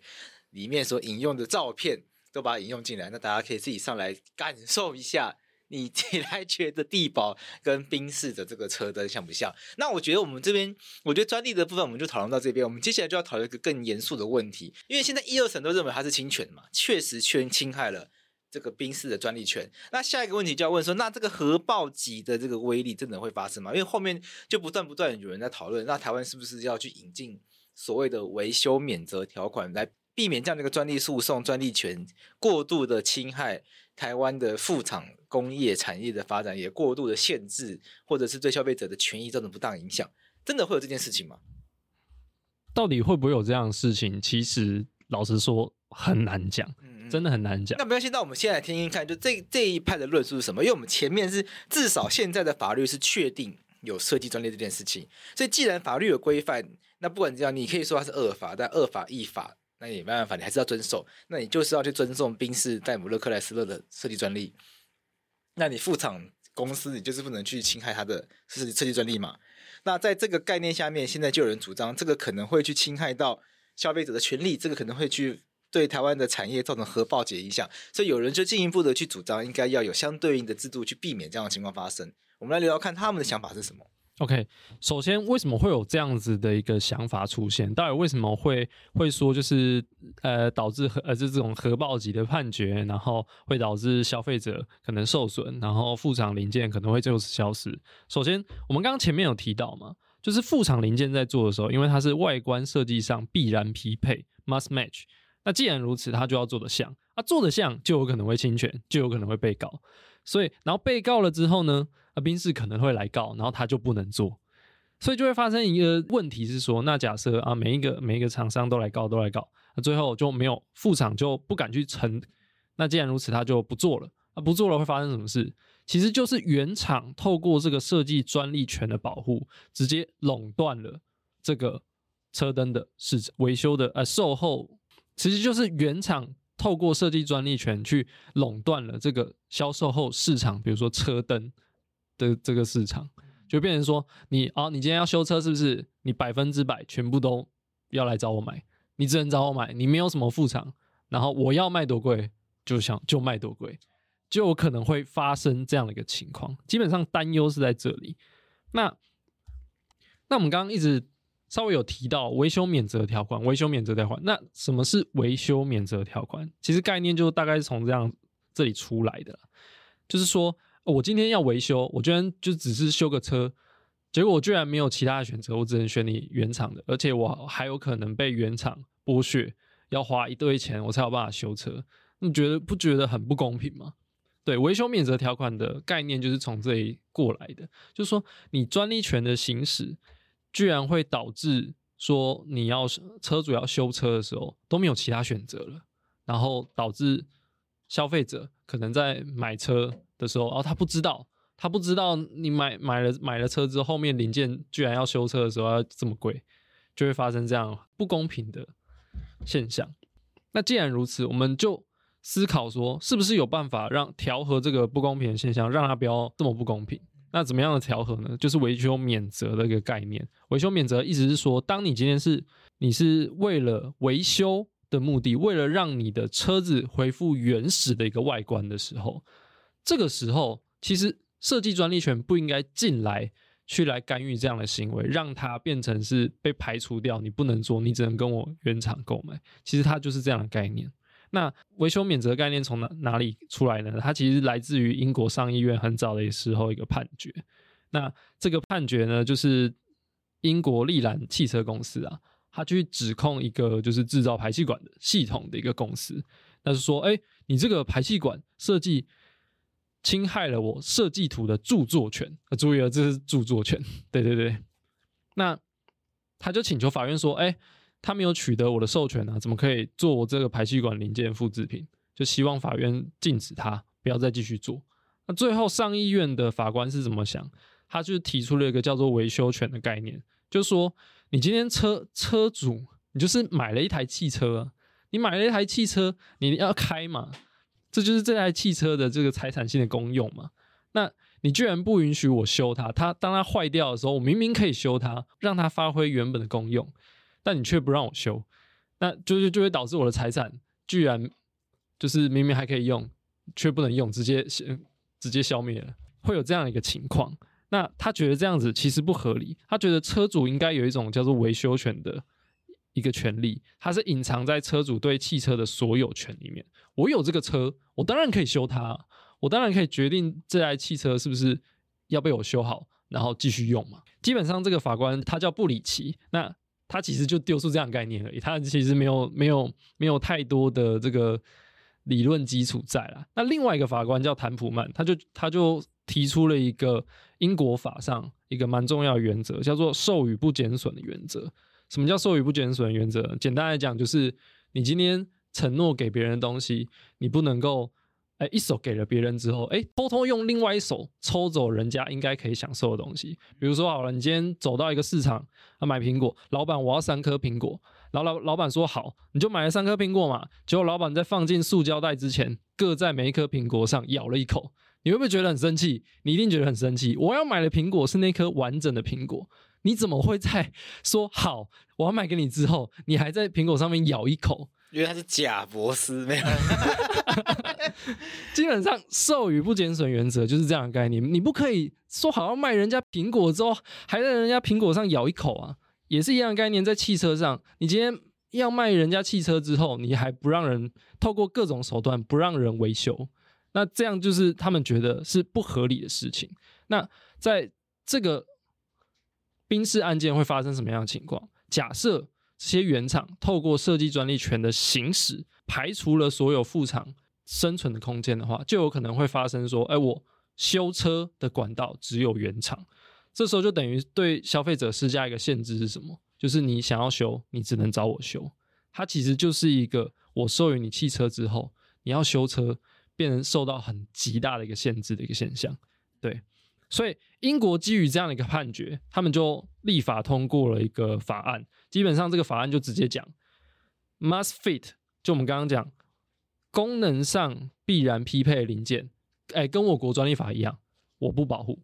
裡面所引用的照片都把它引用進來，那大家可以自己上來感受一下。你還覺得帝寶跟賓士的這個車燈像不像？那我覺得我們這邊，我覺得專利的部分我們就討論到這邊。我們接下來就要討論一個更嚴肅的問題，因為現在一二審都認為它是侵權嘛，確實確侵害了這個賓士的專利權。那下一個問題就要問說，那這個核爆級的這個威力真的會發生嗎？因為後面就不斷不斷有人在討論，那台灣是不是要去引進所謂的維修免責條款來？避免這樣的一個專利訴訟，專利權過度的侵害台灣的副廠工業產業的發展，也過度的限制，或者是對消費者的權益造成不當影響，真的會有這件事情嗎？到底會不會有這樣的事情？其實老實說很難講，嗯嗯真的很難講。那不要信，那我們先來聽聽看，就這這一派的論述是什麼？因為我們前面是至少現在的法律是確定有設計專利這件事情，所以既然法律有規範，那不管怎樣，你可以說它是惡法，但惡法亦法。那也沒辦法，你還是要遵守。那你就是要去尊重賓士、戴姆勒、克萊斯勒的設計專利。那你副廠公司，你就是不能去侵害它的設計設計專利嘛。那在這個概念下面，現在就有人主張，這個可能會去侵害到消費者的權利，這個可能會去對台灣的產業造成核爆級影響。所以有人就進一步的去主張，應該要有相對應的制度去避免這樣的情況發生。我們來聊聊看他們的想法是什麼。OK，首先，為什麼會有這樣子的一個想法出現？到底為什麼會會說就是呃導致核呃這種核爆級的判決，然後會導致消費者可能受損，然後副廠零件可能會就此消失。首先，我們剛剛前面有提到嘛，就是副廠零件在做的時候，因為它是外觀設計上必然匹配 （must match）。那既然如此，它就要做得像啊，做得像就有可能會侵權，就有可能會被告。所以，然後被告了之後呢？啊、賓士可能會來告，然後他就不能做，所以就會發生一個問題，是說，那假設啊，每一個每一個廠商都來告，都來告，那、啊、最後就沒有副廠就不敢去承，那既然如此，他就不做了，啊，不做了會發生什麼事？其實就是原廠透過這個設計專利權的保護，直接壟斷了這個車燈的市場，維修的呃、啊、售後，其實就是原廠透過設計專利權去壟斷了這個銷售後市場，比如說車燈。的這個市場就變成說你哦、啊，你今天要修車是不是？你百分之百全部都要來找我買，你只能找我買，你沒有什麼副廠，然後我要賣多貴就想就賣多貴，就有可能會發生這樣的一個情況。基本上擔憂是在這裡。那那我們剛剛一直稍微有提到維修免責條款，維修免責條款，那什麼是維修免責條款？其實概念就大概是從這樣這裡出來的，就是說。我今天要維修，我居然就只是修個車，結果我居然沒有其他的選擇，我只能選你原廠的，而且我還有可能被原廠剝削，要花一堆錢我才有辦法修車。你覺得不覺得很不公平嗎？對，維修免責條款的概念就是從這裡過來的，就是說你專利權的行使居然會導致說你要車主要修車的時候都沒有其他選擇了，然後導致消費者可能在買車。的時候，哦，他不知道，他不知道你買買了買了車之後，後面零件居然要修車的時候要這麼貴，就會發生這樣不公平的現象。那既然如此，我們就思考說，是不是有辦法讓調和這個不公平的現象，讓它不要這麼不公平？那怎麼樣的調和呢？就是維修免責的一個概念。維修免責意思是說，當你今天是你是為了維修的目的，為了讓你的車子恢復原始的一個外觀的時候。這個時候，其實設計專利權不應該進來去來干預這樣的行為，讓它變成是被排除掉，你不能做，你只能跟我原廠購買。其實它就是這樣的概念。那維修免責概念從哪哪裡出來呢？它其實來自於英國上議院很早的時候一個判決。那這個判決呢，就是英國利蘭汽車公司啊，它去指控一個就是製造排氣管的系統的一個公司，那是說，哎，你這個排氣管設計。侵害了我設計圖的著作權，注意了，這是著作權。對對對，那他就請求法院說：“哎、欸，他沒有取得我的授權啊，怎麼可以做我這個排氣管零件複製品？”就希望法院禁止他不要再繼續做。那最後上議院的法官是怎麼想？他就提出了一個叫做維修權的概念，就說，你今天車車主，你就是買了一台汽車，啊，你買了一台汽車，你要開嘛。這就是這台汽車的這個財產性的功用嘛。那你居然不允許我修它，它當它壞掉的時候，我明明可以修它，讓它發揮原本的功用，但你卻不讓我修，那就是就會導致我的財產居然就是明明還可以用，卻不能用，直接消、嗯、直接消滅了，會有這樣一個情況。那他覺得這樣子其實不合理，他覺得車主應該有一種叫做維修權的。一個權利，它是隱藏在車主對汽車的所有權裡面。我有這個車，我當然可以修它，我當然可以決定這台汽車是不是要被我修好，然後繼續用嘛。基本上，這個法官他叫布里奇，那他其實就丟出這樣的概念而已，他其實沒有沒有沒有太多的這個理論基礎在了。那另外一個法官叫坦普曼，他就他就提出了一個英國法上一個蠻重要的原則，叫做授予不減損的原則。什麼叫授予不減損的原則？簡單來講，就是你今天承諾給別人的東西，你不能夠，哎，一手給了別人之後，哎，偷偷用另外一手抽走人家應該可以享受的東西。比如說，好了，你今天走到一個市場，啊，買蘋果，老板，我要三顆蘋果。然後老老板說好，你就買了三顆蘋果嘛。結果老板在放進塑膠袋之前，各在每一顆蘋果上咬了一口。你會不會覺得很生氣？你一定覺得很生氣。我要買的蘋果是那顆完整的蘋果。你怎麼會在說好我要賣給你之後，你還在蘋果上面咬一口？因為他是賈伯斯，沒有。 [laughs] [laughs] 基本上，授予不減損原則就是這樣的概念。你不可以說好要賣人家蘋果之後，還在人家蘋果上咬一口啊，也是一樣的概念。在汽車上，你今天要賣人家汽車之後，你還不讓人透過各種手段不讓人維修，那這樣就是他們覺得是不合理的事情。那在這個。賓士案件會發生什麼樣的情況？假設這些原廠透過設計專利權的行使，排除了所有副廠生存的空間的話，就有可能會發生說：“哎、欸，我修車的管道只有原廠。”這時候就等於對消費者施加一個限制是什麼？就是你想要修，你只能找我修。它其實就是一個我授予你汽車之後，你要修車，變成受到很極大的一個限制的一個現象。對。所以，英國基於這樣的一個判決，他們就立法通過了一個法案。基本上，這個法案就直接講 “must fit”，就我們剛剛講，功能上必然匹配零件，哎、欸，跟我國專利法一樣，我不保護。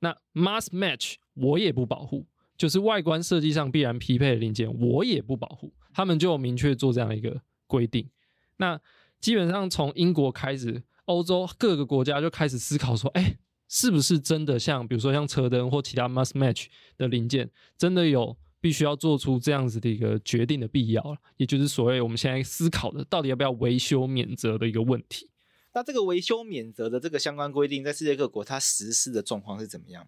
那 “must match”，我也不保護，就是外觀設計上必然匹配的零件，我也不保護。他們就有明確做這樣一個規定。那基本上，從英國開始，歐洲各個國家就開始思考說：“哎、欸。”是不是真的像，比如說像車燈或其他 must match 的零件，真的有必須要做出這樣子的一個決定的必要了，也就是所謂我們現在思考的，到底要不要維修免責的一個問題。那這個維修免責的這個相關規定，在世界各國它實施的狀況是怎麼樣？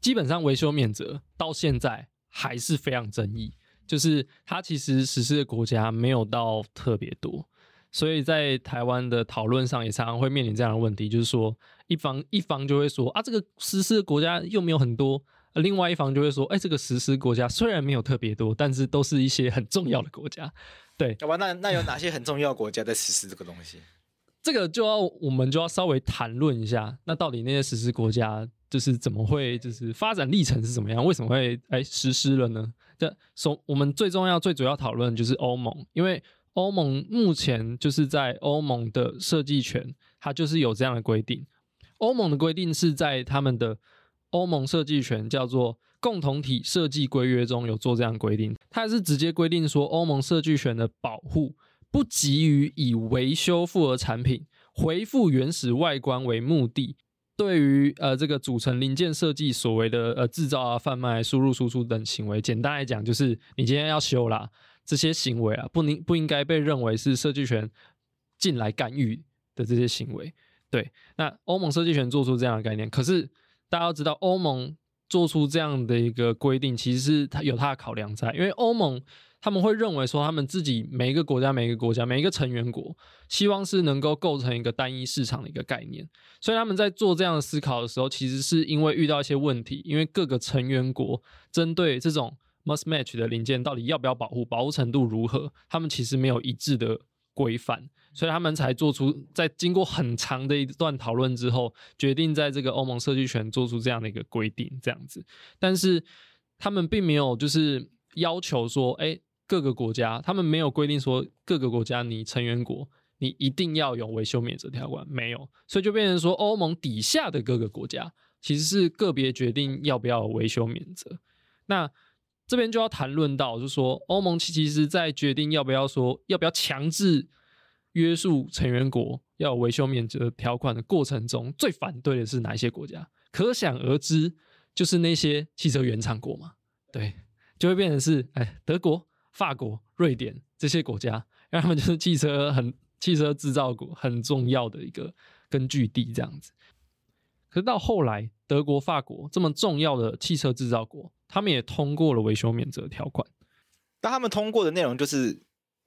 基本上維修免責到現在還是非常爭議，就是它其實實施的國家沒有到特別多。所以在台灣的討論上也常常會面臨這樣的問題，就是說一方一方就會說啊，這個實施的國家又沒有很多；另外一方就會說，哎、欸，這個實施國家雖然沒有特別多，但是都是一些很重要的國家。嗯、對，哦、那那有哪些很重要國家在實施這個東西？ [laughs] 這個就要我們就要稍微談論一下，那到底那些實施國家就是怎麼會就是發展歷程是怎麼樣？為什麼會哎、欸、實施了呢？這首我們最重要最主要討論就是歐盟，因為，歐盟目前就是在歐盟的設計權，它就是有這樣的規定。歐盟的規定是在他們的歐盟設計權叫做《共同體設計規約》中有做這樣規定。它還是直接規定說，歐盟設計權的保護不及於以維修複合產品、回復原始外觀為目的。對於呃這個組成零件設計所謂的呃製造啊、販賣、輸入輸出等行為，簡單來講就是你今天要修啦。這些行為啊，不能不應該被認為是設計權進來干預的這些行為。對，那歐盟設計權做出這樣的概念，可是大家都知道，歐盟做出這樣的一個規定，其實是有它的考量在。因為歐盟他們會認為說，他們自己每一個國家、每一個國家、每一個成員國，希望是能夠構成一個單一市場的一個概念。所以他們在做這樣的思考的時候，其實是因為遇到一些問題，因為各個成員國針對這種。must match 的零件到底要不要保護，保護程度如何？他們其實沒有一致的規範，所以他們才做出，在經過很長的一段討論之後，決定在這個歐盟設計權做出這樣的一個規定，這樣子。但是他們並沒有就是要求說，哎、欸，各個國家，他們沒有規定說各個國家，你成員國你一定要有維修免責條款，沒有。所以就變成說，歐盟底下的各個國家其實是個別決定要不要維修免責。那這邊就要談論到，就是說歐盟其其實在決定要不要說要不要強制約束成員國要維修免責條款的過程中，最反對的是哪一些國家？可想而知，就是那些汽車原廠國嘛，對，就會變成是哎，德國、法國、瑞典這些國家，因為他們就是汽車很汽車製造國很重要的一個根據地這樣子。可是到後來，德國、法國這麼重要的汽車製造國。他們也通過了維修免責條款，但他們通過的內容就是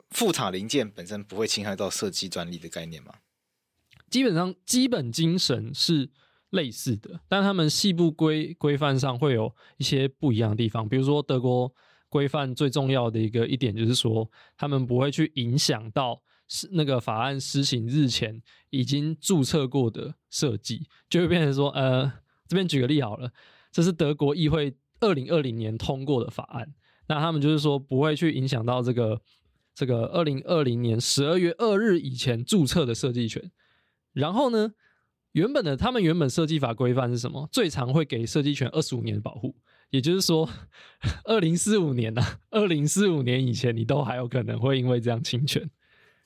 副廠零件本身不會侵害到設計專利的概念嘛。基本上基本精神是類似的，但他們細部規規範上會有一些不一樣的地方。比如說德國規範最重要的一個一點就是說，他們不會去影響到是那個法案施行日前已經注冊過的設計，就會變成說，呃，這邊舉個例好了，這是德國議會。二零二零年通過的法案，那他們就是說不會去影響到這個這個二零二零年十二月二日以前註冊的設計權。然後呢，原本的他們原本設計法規範是什麼？最長會給設計權二十五年的保護，也就是說，二零四五年呢，啊，二零四五年以前你都還有可能會因為這樣侵權。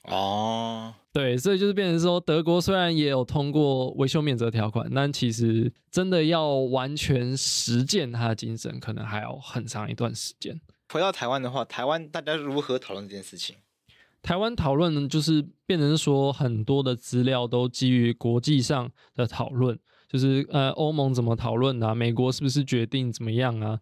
哦，oh. 對，所以就是變成說，德國雖然也有通過維修免責條款，但其實真的要完全實踐它的精神，可能還有很長一段時間。回到台灣的話，台灣大家如何討論這件事情？台灣討論就是變成說，很多的資料都基於國際上的討論，就是呃，歐盟怎麼討論啊，美國是不是決定怎麼樣啊？啊、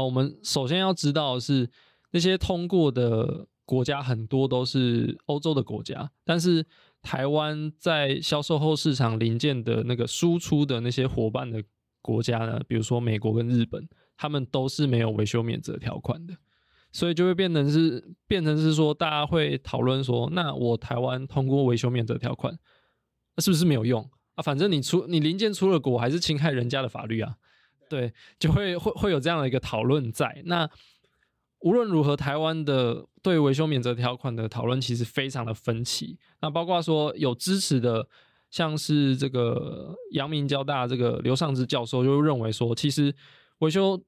呃，我們首先要知道是那些通過的。國家很多都是歐洲的國家，但是台灣在銷售後市場零件的那個輸出的那些夥伴的國家呢，比如說美國跟日本，他們都是沒有維修免責條款的，所以就會變成是變成是說大家會討論說，那我台灣通過維修免責條款，那、啊、是不是沒有用啊？反正你出你零件出了國還是侵害人家的法律啊？對，就會會會有這樣的一個討論在那。無論如何，台灣的對維修免責條款的討論其實非常的分歧。那包括說有支持的，像是這個陽明交大這個劉尚志教授就認為說，其實維修，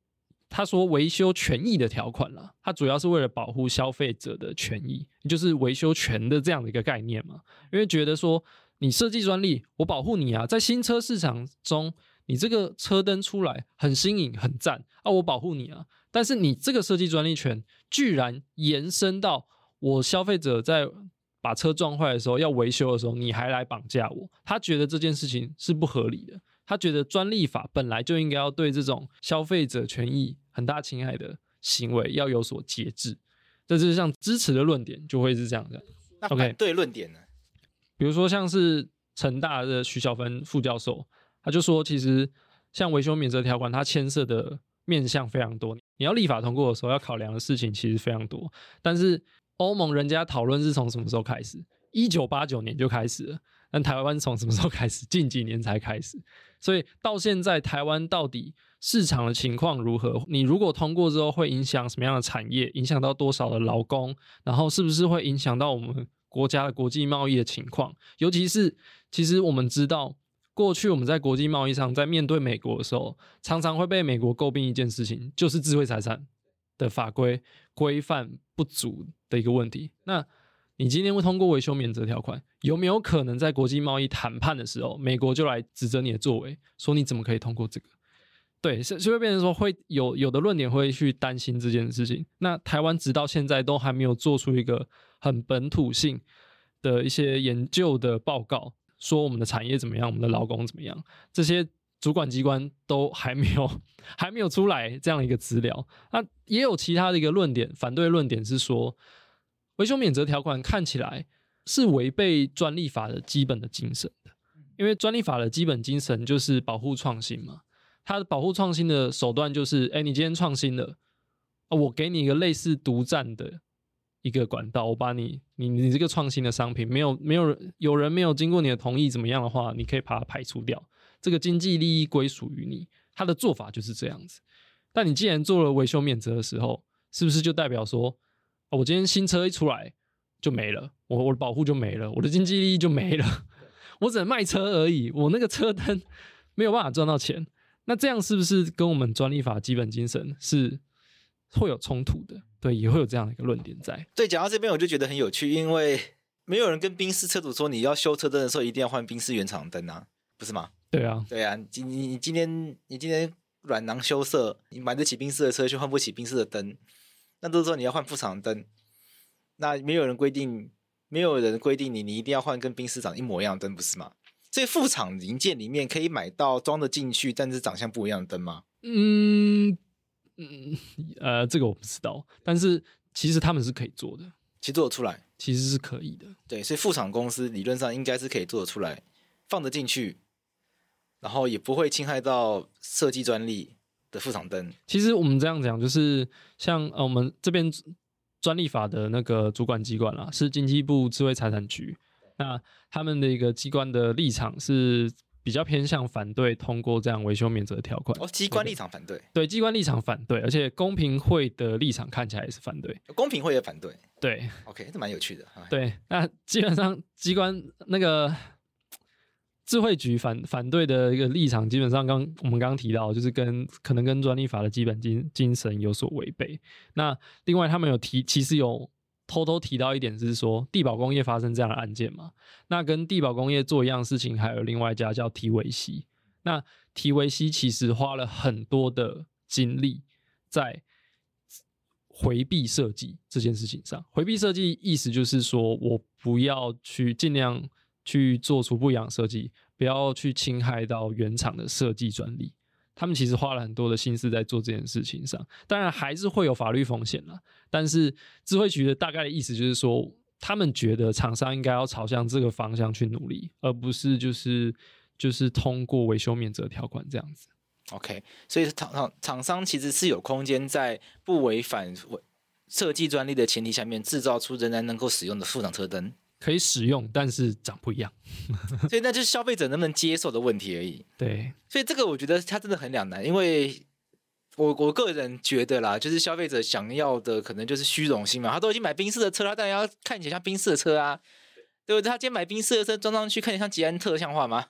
他說維修權益的條款啦，它主要是為了保護消費者的權益，就是維修權的這樣的一個概念嘛。因為覺得說你設計專利，我保護你啊，在新車市場中，你這個車燈出來很新穎、很讚啊，我保護你啊。但是你這個設計專利權居然延伸到我消費者在把車撞壞的時候要維修的時候，你還來綁架我？他覺得這件事情是不合理的。他覺得專利法本來就應該要對這種消費者權益很大侵害的行為要有所節制。這就是像支持的論點，就會是這樣的。那反對論點呢？Okay. 比如說像是成大的徐小芬副教授，他就說，其實像維修免責條款，它牽涉的面向非常多。你要立法通過的時候，要考量的事情其實非常多。但是歐盟人家討論是從什麼時候開始？一九八九年就開始了。但台灣從什麼時候開始？近幾年才開始。所以到現在，台灣到底市場的情況如何？你如果通過之後，會影響什麼樣的產業，影響到多少的勞工，然後是不是會影響到我們國家的國際貿易的情況？尤其是，其實我們知道。過去我們在國際貿易上，在面對美國的時候，常常會被美國詬病一件事情，就是智慧財產的法規規範不足的一個問題。那你今天會通過維修免責條款，有沒有可能在國際貿易談判的時候，美國就來指責你的作為，說你怎麼可以通過這個？對，所以會變成說會有有的論點會去擔心這件事情。那台灣直到現在都還沒有做出一個很本土性的一些研究的報告。說我們的產業怎麼樣，我們的勞工怎麼樣，這些主管機關都還沒有還沒有出來這樣一個資料。那、啊、也有其他的一個論點，反對論點是說，維修免責條款看起來是違背專利法的基本的精神的，因為專利法的基本精神就是保護創新嘛。它的保護創新的手段就是，哎，你今天創新了，我給你一個類似獨占的。一個管道，我把你、你、你這個創新的商品沒有、沒有有人沒有經過你的同意怎麼樣的話，你可以把它排除掉，這個經濟利益歸屬於你。他的做法就是這樣子。但你既然做了維修免責的時候，是不是就代表說、哦，我今天新車一出來就沒了，我我的保護就沒了，我的經濟利益就沒了，我只能賣車而已，我那個車燈沒有辦法賺到錢。那這樣是不是跟我們專利法基本精神是？會有衝突的，對，也會有這樣的一個論點在。對，講到這邊我就覺得很有趣，因為沒有人跟賓士車主說你要修車燈的時候一定要換賓士原廠燈啊，不是嗎？對啊，對啊，你你今天你今天阮囊羞澀，你買得起賓士的車卻換不起賓士的燈，那都是說你要換副廠燈，那沒有人規定，沒有人規定你你一定要換跟賓士長一模一樣的燈，不是嗎？這副廠零件裡面可以買到裝得進去但是長相不一樣的燈嗎？嗯。嗯嗯嗯，呃，這個我不知道，但是其實他們是可以做的，其實做得出來，其實是可以的。對，所以副廠公司理論上應該是可以做得出來，放得進去，然後也不會侵害到設計專利的副廠燈。其實我們這樣講，就是像呃，我們這邊專利法的那個主管機關啦、啊，是經濟部智慧財產局，那他們的一個機關的立場是。比較偏向反對通過這樣維修免責的條款，哦，機關立場反對，對，對，機關立場反對，而且公平會的立場看起來也是反對，公平會也反對，對，OK，這蠻有趣的，啊，對，那基本上機關那個智慧局反反對的一個立場，基本上剛我們剛剛提到，就是跟可能跟專利法的基本精精神有所違背，那另外他們有提，其實有。偷偷提到一點，就是說帝寶工業發生這樣的案件嘛，那跟帝寶工業做一樣事情，還有另外一家叫 TYC，那 TYC 其實花了很多的精力在回避設計這件事情上。回避設計意思就是說我不要去盡量去做出不一樣的設計，不要去侵害到原廠的設計專利。他們其實花了很多的心思在做這件事情上，當然還是會有法律風險了。但是智慧局的大概的意思就是說，他們覺得廠商應該要朝向這個方向去努力，而不是就是就是通過維修免責條款這樣子。OK，所以廠廠廠商其實是有空間在不違反設計專利的前提下面，制造出仍然能夠使用的副廠車燈。可以使用，但是長不一樣， [laughs] 所以那就是消費者能不能接受的問題而已。對，所以這個我覺得他真的很兩難，因為我我個人覺得啦，就是消費者想要的可能就是虛榮心嘛，他都已經買賓士的車了，當然要看起來像賓士的車啊，對不對？他今天買賓士的車裝上去，看起來像捷安特像話嗎？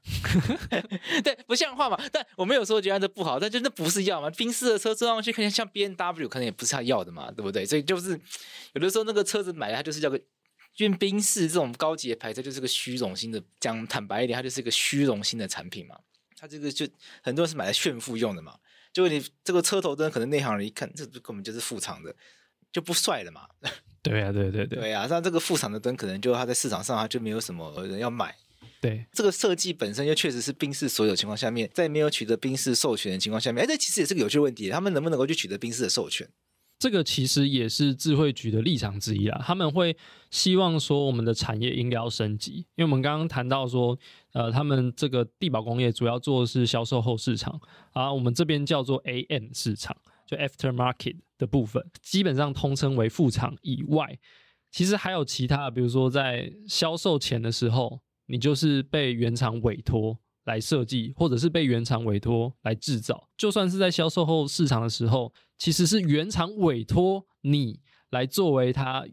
[laughs] [laughs] 對，不像話嘛。但我沒有說捷安特不好，但就那不是要嘛？賓士的車裝上去看起來像 BMW，可能也不是他要的嘛，對不對？所以就是有的時候那個車子買來，他就是叫個。因為賓士這種高級的牌子，就是個虛榮心的。講坦白一點，它就是一個虛榮心的產品嘛。它這個就很多人是買來炫富用的嘛。就你這個車頭燈，可能內行人一看，這根本就是副廠的，就不帥了嘛。對呀、啊、對對對。對啊，那這個副廠的燈，可能就它在市場上，它就沒有什麼人要買。對，這個設計本身就確實是賓士所有情況下面，在沒有取得賓士授權的情況下面，哎，這其實也是個有趣問題，他們能不能夠去取得賓士的授權？這個其實也是智慧局的立場之一啊。他們會希望說，我們的產業應該要升級，因為我們剛剛談到說，呃，他們這個帝寶工業主要做的是銷售後市場啊，我們這邊叫做 AM 市場，就 Aftermarket 的部分，基本上通稱為副廠以外，其實還有其他，比如說在銷售前的時候，你就是被原廠委託。來設計，或者是被原廠委託來製造，就算是在銷售後市場的時候，其實是原廠委託你來作為它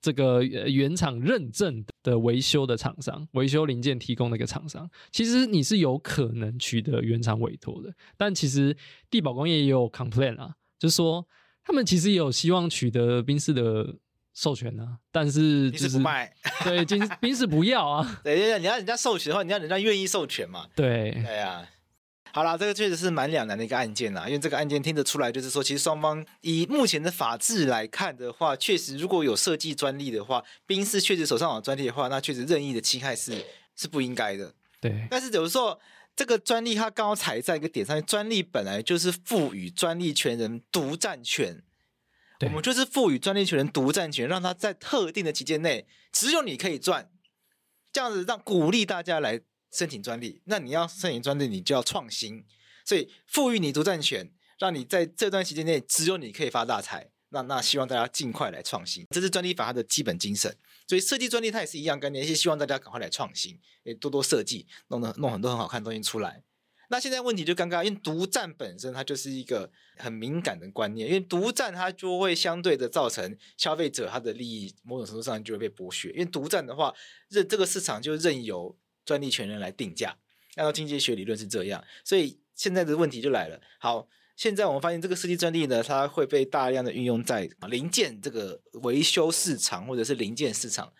這個原廠認證的維修的廠商，維修零件提供的一個廠商，其實你是有可能取得原廠委託的。但其實帝寶工業也有 complain 啊，就是說他們其實也有希望取得賓士的。授權呢、啊。但是、就是、賓士不賣，對，賓賓士不要啊。對對，你要人家授權的話，你要人家願意授權嘛。對。對呀、啊，好了，這個確實是蠻兩難的一個案件啊。因為這個案件聽得出來，就是說，其實雙方以目前的法制來看的話，確實如果有設計專利的話，賓士確實手上有專利的話，那確實任意的侵害是是不應該的。對。但是有時候這個專利它剛好踩在一個點上，專利本來就是賦予專利權人獨占權。對我們就是賦予專利權人獨佔權，讓他在特定的期間內只有你可以賺，這樣子讓鼓勵大家來申請專利。那你要申請專利，你就要創新，所以賦予你獨佔權，讓你在這段期間內只有你可以發大財。那那希望大家盡快來創新，這是專利法它的基本精神。所以設計專利它也是一樣概念，是希望大家趕快來創新，也多多設計，弄得弄很多很好看的東西出來。那現在問題就尷尬，因為獨占本身它就是一個很敏感的觀念，因為獨占它就會相對的造成消費者他的利益某種程度上就會被剝削，因為獨占的話，任這個市場就任由專利權人來定價，按照經濟學理論是這樣，所以現在的問題就來了。好，現在我們發現這個設計專利呢，它會被大量的運用在零件這個維修市場或者是零件市場。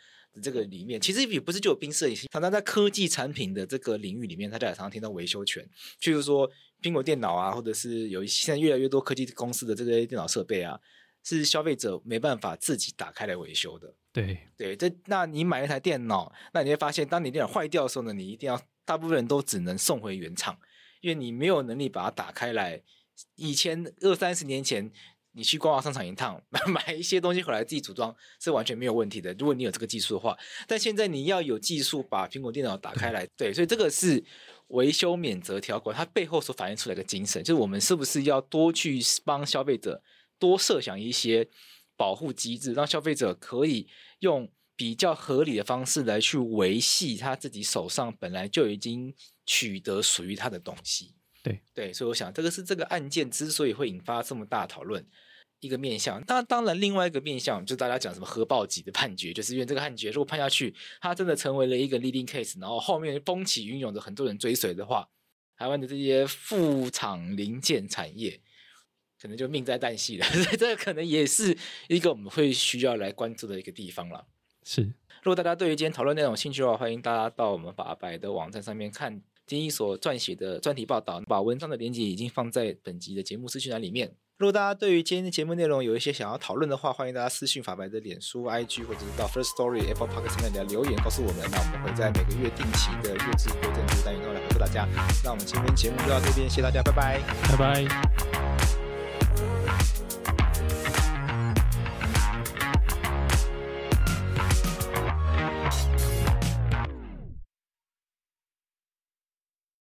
這個裡面其實也不是只有賓士，常常在科技產品的這個領域裡面，大家也常常聽到維修權，就是說蘋果電腦啊，或者是有一些現在越來越多科技公司的這些電腦設備啊，是消費者沒辦法自己打開來維修的。對對，這那你買一台電腦，那你會發現，當你電腦壞掉的時候呢，你一定要大部分人都只能送回原廠，因為你沒有能力把它打開來。以前二三十年前。你去逛逛商場一趟，買一些東西回來自己組裝是完全沒有問題的。如果你有這個技術的話，但現在你要有技術把蘋果電腦打開來，對，所以這個是維修免責條款，它背後所反映出來的精神，就是我們是不是要多去幫消費者多設想一些保護機制，讓消費者可以用比較合理的方式來去維繫他自己手上本來就已經取得屬於他的東西。對對，所以我想這個是這個案件之所以會引發這麼大討論。一個面向，當當然另外一個面向，就大家講什麼核爆級的判決，就是因為這個判決如果判下去，它真的成為了一個 leading case，然後後面風起雲湧的很多人追隨的話，台灣的這些副廠零件產業可能就命在旦夕了。所以這可能也是一個我們會需要來關注的一個地方了。是，如果大家對於今天討論內容有興趣的話，歡迎大家到我們法白的網站上面看丁一所撰寫的專題報道，把文章的鏈接已經放在本集的節目資訊欄裡面。如果大家對於今天的節目內容有一些想要討論的話，歡迎大家私信法白的臉書 IG，或者是到 First Story Apple Podcast 上面留言告訴我們。那我們會在每個月定期的月質回正主單元中來回覆大家。那我們今天節目就到這邊，謝謝大家，拜拜，拜拜。